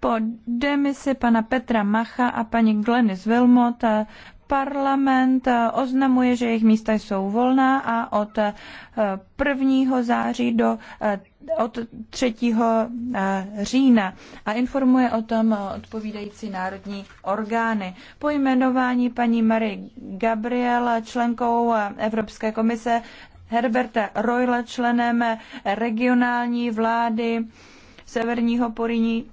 Po demisi pana Petra Macha a paní Glenis Wilmot eh, parlament eh, oznamuje, že jejich místa jsou volná a od 1. Eh, září do od 3. října a informuje o tom odpovídající národní orgány. Po jmenování paní Marie Gabriel členkou Evropské komise Herberta Royla členem regionální vlády Severního Poriní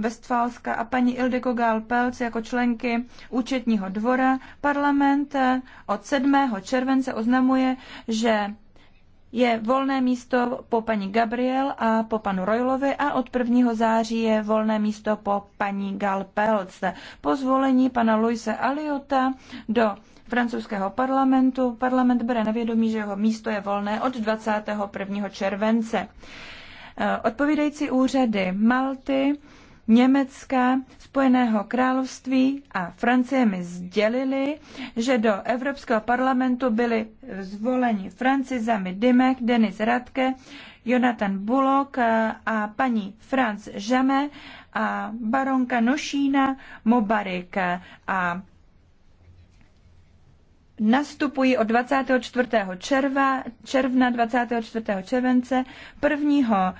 Westfalska a paní Ildiko Gálpelc jako členky účetního dvora. Parlament eh, od 7. července oznamuje, že je volné místo po paní Gabriel a po panu Roylovi a od 1. září je volné místo po paní Galpelc. Po zvolení pana Luise Aliota do francouzského parlamentu parlament bere na vědomí, že jeho místo je volné od 21. července. Eh, odpovídající úřady Malty Německa, Spojeného království a Francie mi sdělili, že do Evropského parlamentu byli zvoleni Francizami Dimek, Denis Radke, Jonathan Bullock a paní Franz Žeme a baronka Nošína Mobarik a nastupují od 24. červa, června 24. července 1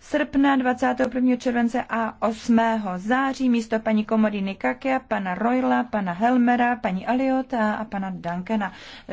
srpna, 21. července a 8. září místo paní Komodiny Kakia, pana Royla, pana Helmera, paní Aliota a pana Duncana.